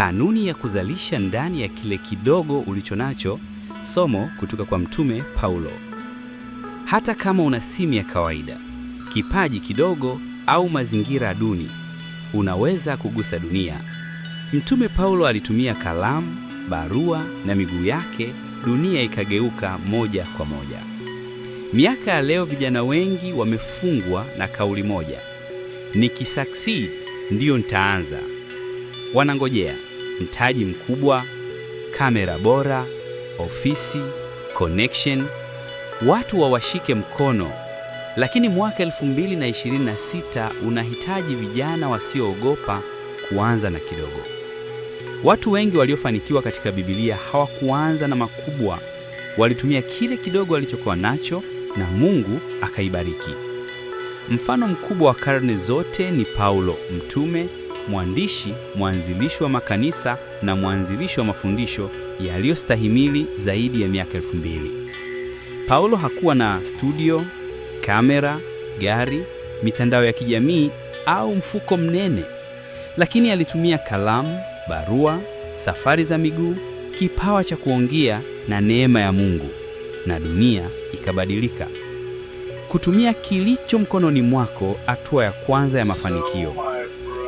Kanuni ya kuzalisha ndani ya kile kidogo ulichonacho. Somo kutoka kwa Mtume Paulo. Hata kama una simu ya kawaida, kipaji kidogo au mazingira duni, unaweza kugusa dunia. Mtume Paulo alitumia kalamu, barua na miguu yake, dunia ikageuka moja kwa moja. Miaka ya leo, vijana wengi wamefungwa na kauli moja, nikisucceed ndiyo nitaanza. Wanangojea mtaji mkubwa, kamera bora, ofisi, connection, watu wawashike mkono. Lakini mwaka 2026 unahitaji vijana wasioogopa kuanza na kidogo. Watu wengi waliofanikiwa katika Biblia hawakuanza na makubwa, walitumia kile kidogo walichokuwa nacho na Mungu akaibariki. Mfano mkubwa wa karne zote ni Paulo mtume mwandishi, mwanzilishi wa makanisa na mwanzilishi wa mafundisho yaliyostahimili zaidi ya miaka elfu mbili. Paulo hakuwa na studio, kamera, gari, mitandao ya kijamii au mfuko mnene, lakini alitumia kalamu, barua, safari za miguu, kipawa cha kuongea na neema ya Mungu, na dunia ikabadilika. Kutumia kilicho mkononi mwako, hatua ya kwanza ya mafanikio.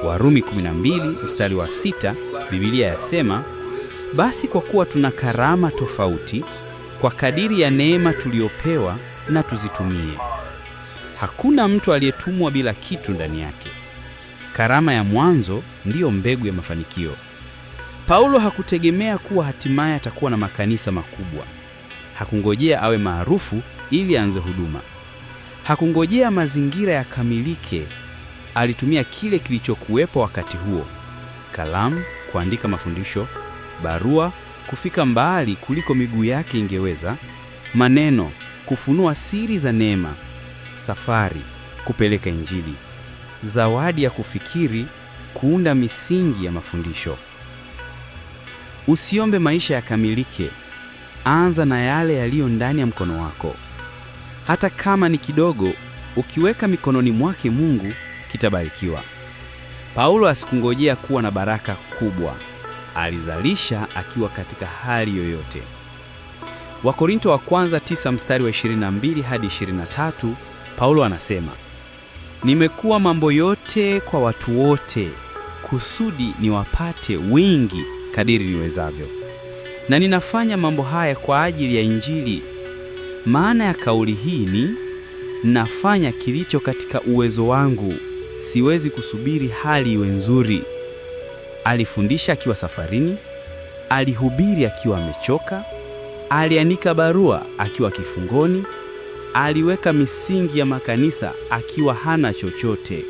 Warumi 12 mstari wa sita, Biblia yasema, basi kwa kuwa tuna karama tofauti kwa kadiri ya neema tuliyopewa na tuzitumie. Hakuna mtu aliyetumwa bila kitu ndani yake. Karama ya mwanzo ndiyo mbegu ya mafanikio. Paulo hakutegemea kuwa hatimaye atakuwa na makanisa makubwa. Hakungojea awe maarufu ili aanze huduma. Hakungojea mazingira yakamilike alitumia kile kilichokuwepo wakati huo: kalamu kuandika mafundisho, barua kufika mbali kuliko miguu yake ingeweza, maneno kufunua siri za neema, safari kupeleka Injili, zawadi ya kufikiri kuunda misingi ya mafundisho. Usiombe maisha yakamilike. Anza na yale yaliyo ndani ya mkono wako, hata kama ni kidogo. Ukiweka mikononi mwake Mungu kitabarikiwa. Paulo asikungojea kuwa na baraka kubwa, alizalisha akiwa katika hali yoyote. Wakorinto wa kwanza 9 mstari wa 22 hadi 23, Paulo anasema nimekuwa mambo yote kwa watu wote, kusudi niwapate wingi kadiri niwezavyo, na ninafanya mambo haya kwa ajili ya Injili. Maana ya kauli hii ni nafanya kilicho katika uwezo wangu siwezi kusubiri hali iwe nzuri. Alifundisha akiwa safarini, alihubiri akiwa amechoka, aliandika barua akiwa kifungoni, aliweka misingi ya makanisa akiwa hana chochote.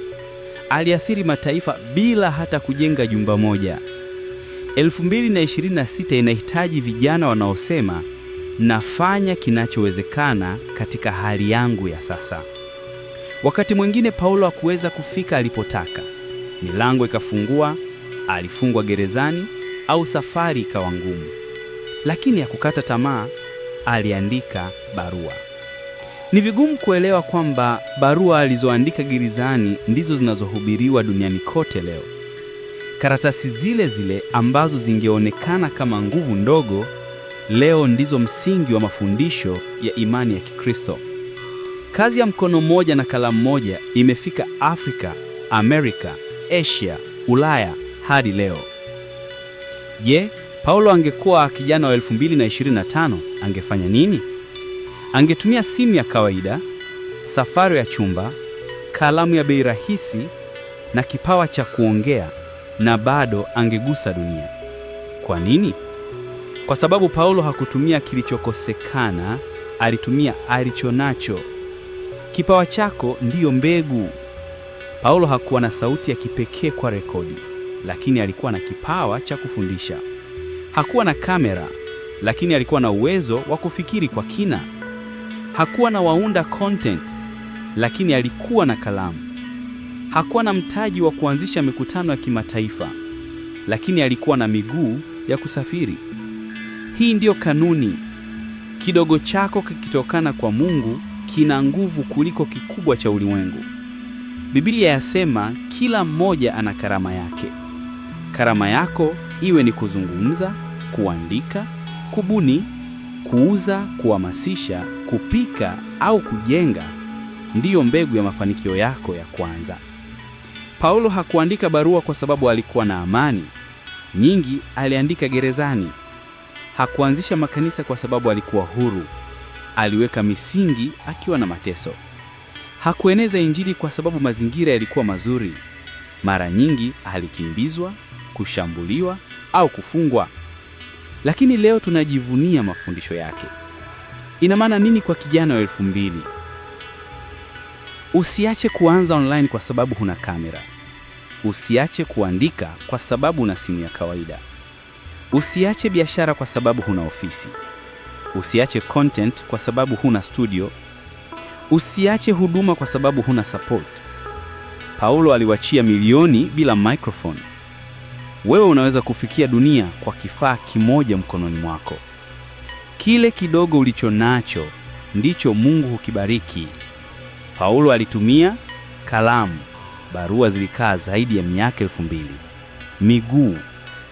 Aliathiri mataifa bila hata kujenga jumba moja. 2026 inahitaji vijana wanaosema nafanya kinachowezekana katika hali yangu ya sasa. Wakati mwingine Paulo hakuweza kufika alipotaka, milango ikafungua, alifungwa gerezani au safari ikawa ngumu, lakini hakukata tamaa, aliandika barua. Ni vigumu kuelewa kwamba barua alizoandika gerezani ndizo zinazohubiriwa duniani kote leo. Karatasi zile zile ambazo zingeonekana kama nguvu ndogo, leo ndizo msingi wa mafundisho ya imani ya Kikristo. Kazi ya mkono mmoja na kalamu moja imefika Afrika, Amerika, Asia, Ulaya hadi leo. Je, Paulo angekuwa kijana wa 2025 angefanya nini? Angetumia simu ya kawaida, safari ya chumba, kalamu ya bei rahisi na kipawa cha kuongea na bado angegusa dunia. Kwa nini? Kwa sababu Paulo hakutumia kilichokosekana, alitumia alichonacho. Kipawa chako ndiyo mbegu. Paulo hakuwa na sauti ya kipekee kwa rekodi, lakini alikuwa na kipawa cha kufundisha. Hakuwa na kamera, lakini alikuwa na uwezo wa kufikiri kwa kina. Hakuwa na waunda content, lakini alikuwa na kalamu. Hakuwa na mtaji wa kuanzisha mikutano ya kimataifa, lakini alikuwa na miguu ya kusafiri. Hii ndiyo kanuni. Kidogo chako kikitokana kwa Mungu kina nguvu kuliko kikubwa cha ulimwengu. Biblia yasema kila mmoja ana karama yake. Karama yako iwe ni kuzungumza, kuandika, kubuni, kuuza, kuhamasisha, kupika au kujenga, ndiyo mbegu ya mafanikio yako ya kwanza. Paulo hakuandika barua kwa sababu alikuwa na amani nyingi, aliandika gerezani. Hakuanzisha makanisa kwa sababu alikuwa huru aliweka misingi akiwa na mateso. Hakueneza injili kwa sababu mazingira yalikuwa mazuri. Mara nyingi alikimbizwa, kushambuliwa au kufungwa. Lakini leo tunajivunia mafundisho yake. Ina maana nini kwa kijana wa elfu mbili? Usiache kuanza online kwa sababu huna kamera. Usiache kuandika kwa sababu una simu ya kawaida. Usiache biashara kwa sababu huna ofisi. Usiache content kwa sababu huna studio. Usiache huduma kwa sababu huna support. Paulo aliwachia milioni bila microphone. Wewe unaweza kufikia dunia kwa kifaa kimoja mkononi mwako. Kile kidogo ulicho nacho ndicho Mungu hukibariki. Paulo alitumia kalamu. Barua zilikaa zaidi ya miaka elfu mbili. Miguu.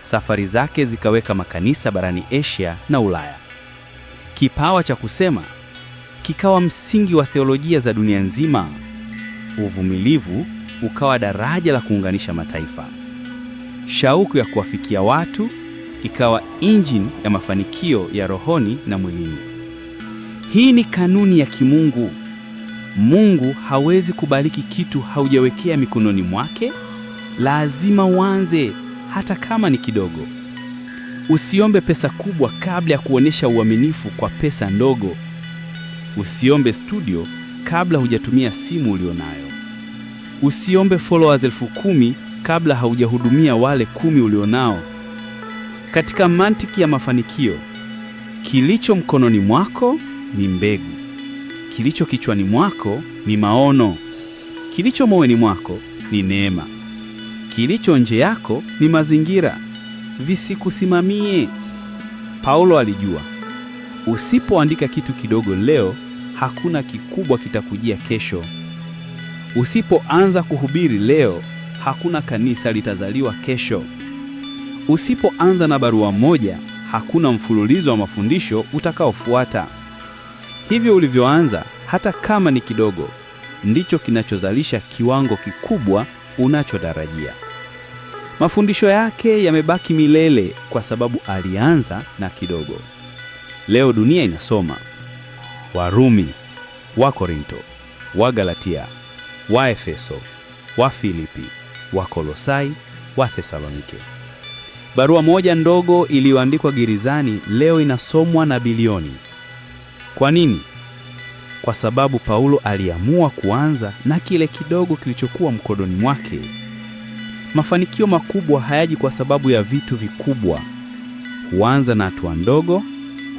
Safari zake zikaweka makanisa barani Asia na Ulaya. Kipawa cha kusema kikawa msingi wa theolojia za dunia nzima. Uvumilivu ukawa daraja la kuunganisha mataifa. Shauku ya kuwafikia watu ikawa injini ya mafanikio ya rohoni na mwilini. Hii ni kanuni ya kimungu. Mungu hawezi kubariki kitu haujawekea mikononi mwake. Lazima uanze, hata kama ni kidogo. Usiombe pesa kubwa kabla ya kuonyesha uaminifu kwa pesa ndogo. Usiombe studio kabla hujatumia simu ulionayo. Usiombe followers elfu kumi kabla haujahudumia wale kumi ulionao. Katika mantiki ya mafanikio, kilicho mkononi mwako ni mbegu, kilicho kichwani mwako ni maono, kilicho moyoni mwako ni neema, kilicho nje yako ni mazingira visikusimamie. Paulo alijua usipoandika kitu kidogo leo, hakuna kikubwa kitakujia kesho. Usipoanza kuhubiri leo, hakuna kanisa litazaliwa kesho. Usipoanza na barua moja, hakuna mfululizo wa mafundisho utakaofuata. Hivyo ulivyoanza, hata kama ni kidogo, ndicho kinachozalisha kiwango kikubwa unachotarajia. Mafundisho yake yamebaki milele kwa sababu alianza na kidogo. Leo dunia inasoma Warumi, Wakorinto, Wagalatia, Waefeso, Wafilipi, Wakolosai, Wathesalonike. Barua moja ndogo iliyoandikwa gerezani leo inasomwa na bilioni. Kwa nini? Kwa sababu Paulo aliamua kuanza na kile kidogo kilichokuwa mkononi mwake. Mafanikio makubwa hayaji kwa sababu ya vitu vikubwa. Huanza na hatua ndogo,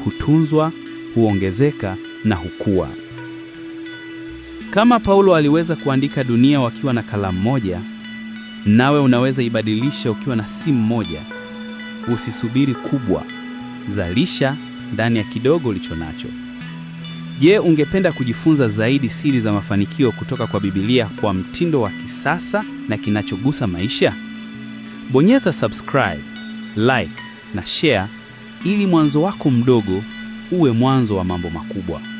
hutunzwa, huongezeka na hukua. Kama Paulo aliweza kuandika dunia wakiwa na kalamu moja, nawe unaweza ibadilisha ukiwa na simu moja. Usisubiri kubwa, zalisha ndani ya kidogo ulicho nacho. Je, ungependa kujifunza zaidi siri za mafanikio kutoka kwa Biblia kwa mtindo wa kisasa? na kinachogusa maisha? Bonyeza subscribe, like na share ili mwanzo wako mdogo uwe mwanzo wa mambo makubwa.